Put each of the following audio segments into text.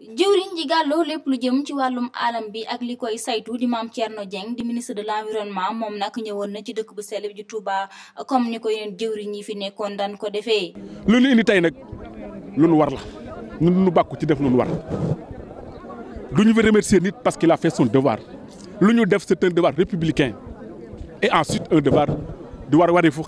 jëwriñ ji gàlloo lépp lu jëm ci wàllum alam bi ak li koy saytu di maam Thierno Dieng di ministre de l' environnement moom nag ñëwoon na ci dëkk bu sell bi di Touba comme ni ko yeneen jëwriñ yi fi nekkoon daan ko defee. lu ñu indi tey nag lu nu war la ñun lu nu bàkku ci def lu nu war du ñu fi remercier nit parce qu'il a fait son devoir lu ñu def c'est un devoir républicain et ensuite un devoir di war wari fu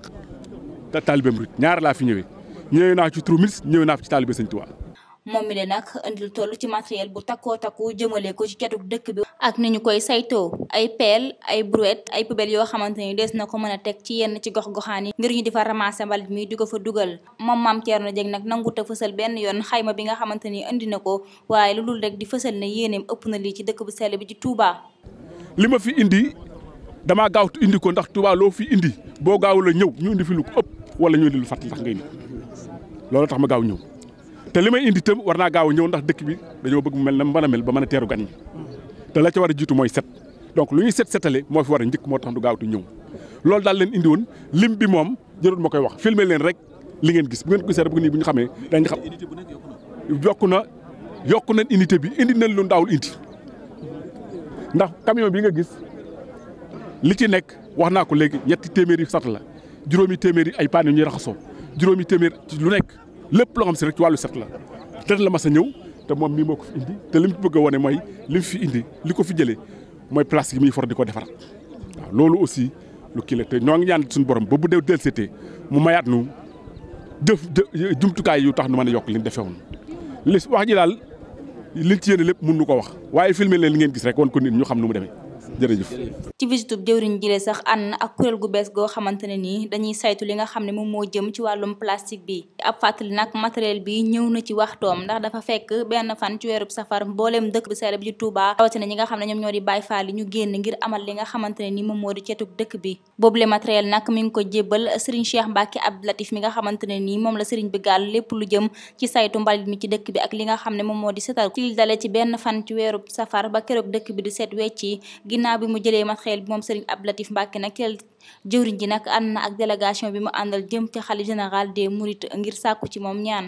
taalibeem rit ñaar laa fi ñëwee ñëwee naa ci turu ministre ñëwee naa ci taalibe Sëñ Tuubaa moom mi le nag indil toll ci matériel bu takkoo takku jëmale ko ci ketug dëkk bi ak ni ñu koy saytoo ay peel ay brouette ay poubelles yoo xamante ni des na ko mën a teg ci yenn ci gox-goxaan yi ngir ñu di fa ramasser mbalit di ko fa dugal moom maam Thierno Dieng nag nangut a fësal benn yoon xayma bi nga xamante ni indi na ko waaye lu dul rek di fësal ne yéeneem ëpp na lii ci dëkk bu sell bi ci Touba. li ma fi indi dama gaaw indi ko ndax Touba loo fi indi boo gaawul a ñëw ñu indi fi lu ëpp wala ñu indi lu fàtt ndax ngay ni loolu tax ma gaaw ñëw te li may indi itam war naa gaaw a ñëw ndax dëkk bi dañoo bëgg mu mel na mu mën a mel ba mën a teeru gan ñi te la ca war a jiitu mooy set donc lu ñuy set setale moo fi war a njëkk moo tax du gaawatu ñëw loolu daal leen indi woon lim bi moom jërul ma koy wax filmer leen rek li ngeen gis bu ngeen gisee rek bu nii bu ñu xamee dañ xam yokku na yokku nañ unité bi indi nañ lu ndaawul indi ndax camion bi nga gis li ci nekk wax naa ko léegi ñetti téeméeri sart la juróomi téeméeri ay paan yu ñuy raxasoo juróomi téeméer lu nekk lépp loo xam si rek ci wàllu set la dara la mas a ñëw te moom mii moo ko fi indi te li mu bëgg a wane mooy li mu fi indi li ko fi jëlee mooy place yi muy for di ko defaraat waaw loolu aussi lu kii te ñoo ngi ñaan suñu borom ba bu dee dellusiwee mu mayaat nu jëf jumtukaay yu tax nu mën a yokk li mu defee woon li wax ji daal liñ ci yéene lépp mun nu ko wax waaye filmer leen li ngeen gis rek wan ko nit ñu xam nu mu demee. jërëjëf ci visitub jëwriñ jile sax ànd na ak kuréel gu bees goo xamante ne nii dañuy saytu li nga xam ne moom moo jëm ci wàllum plastique bi ab fàttali nag matériel bi ñëw na ci waxtoom ndax dafa fekk benn fan ci weerub safar mbooleem dëkk bi sell bi di Touba rawatina ñi nga xam ne ñoom ñoo di Baay Faal yi ñu génn ngir amal li nga xamante ne nii moom moo di cetug dëkk bi boobule matériel nag mi ngi ko jébbal Serigne Cheikh Mbacke Abdou Latif mi nga xamante ne nii moom la Serigne bi gàll lépp lu jëm ci saytu mbalit mi ci dëkk bi ak li nga xam ne moom moo di setal ci dale ci benn fan ci weerub safar ba keroog dëkk bi di set wecc ginnaaw bi mu jëlee mat xeel bi moom sëriñ Abdou Latif Mbacke nag ci jëwriñ ji nag ànd na ak délégation bi mu àndal jëm ca xalif général des mourides ngir sàkku ci moom ñaan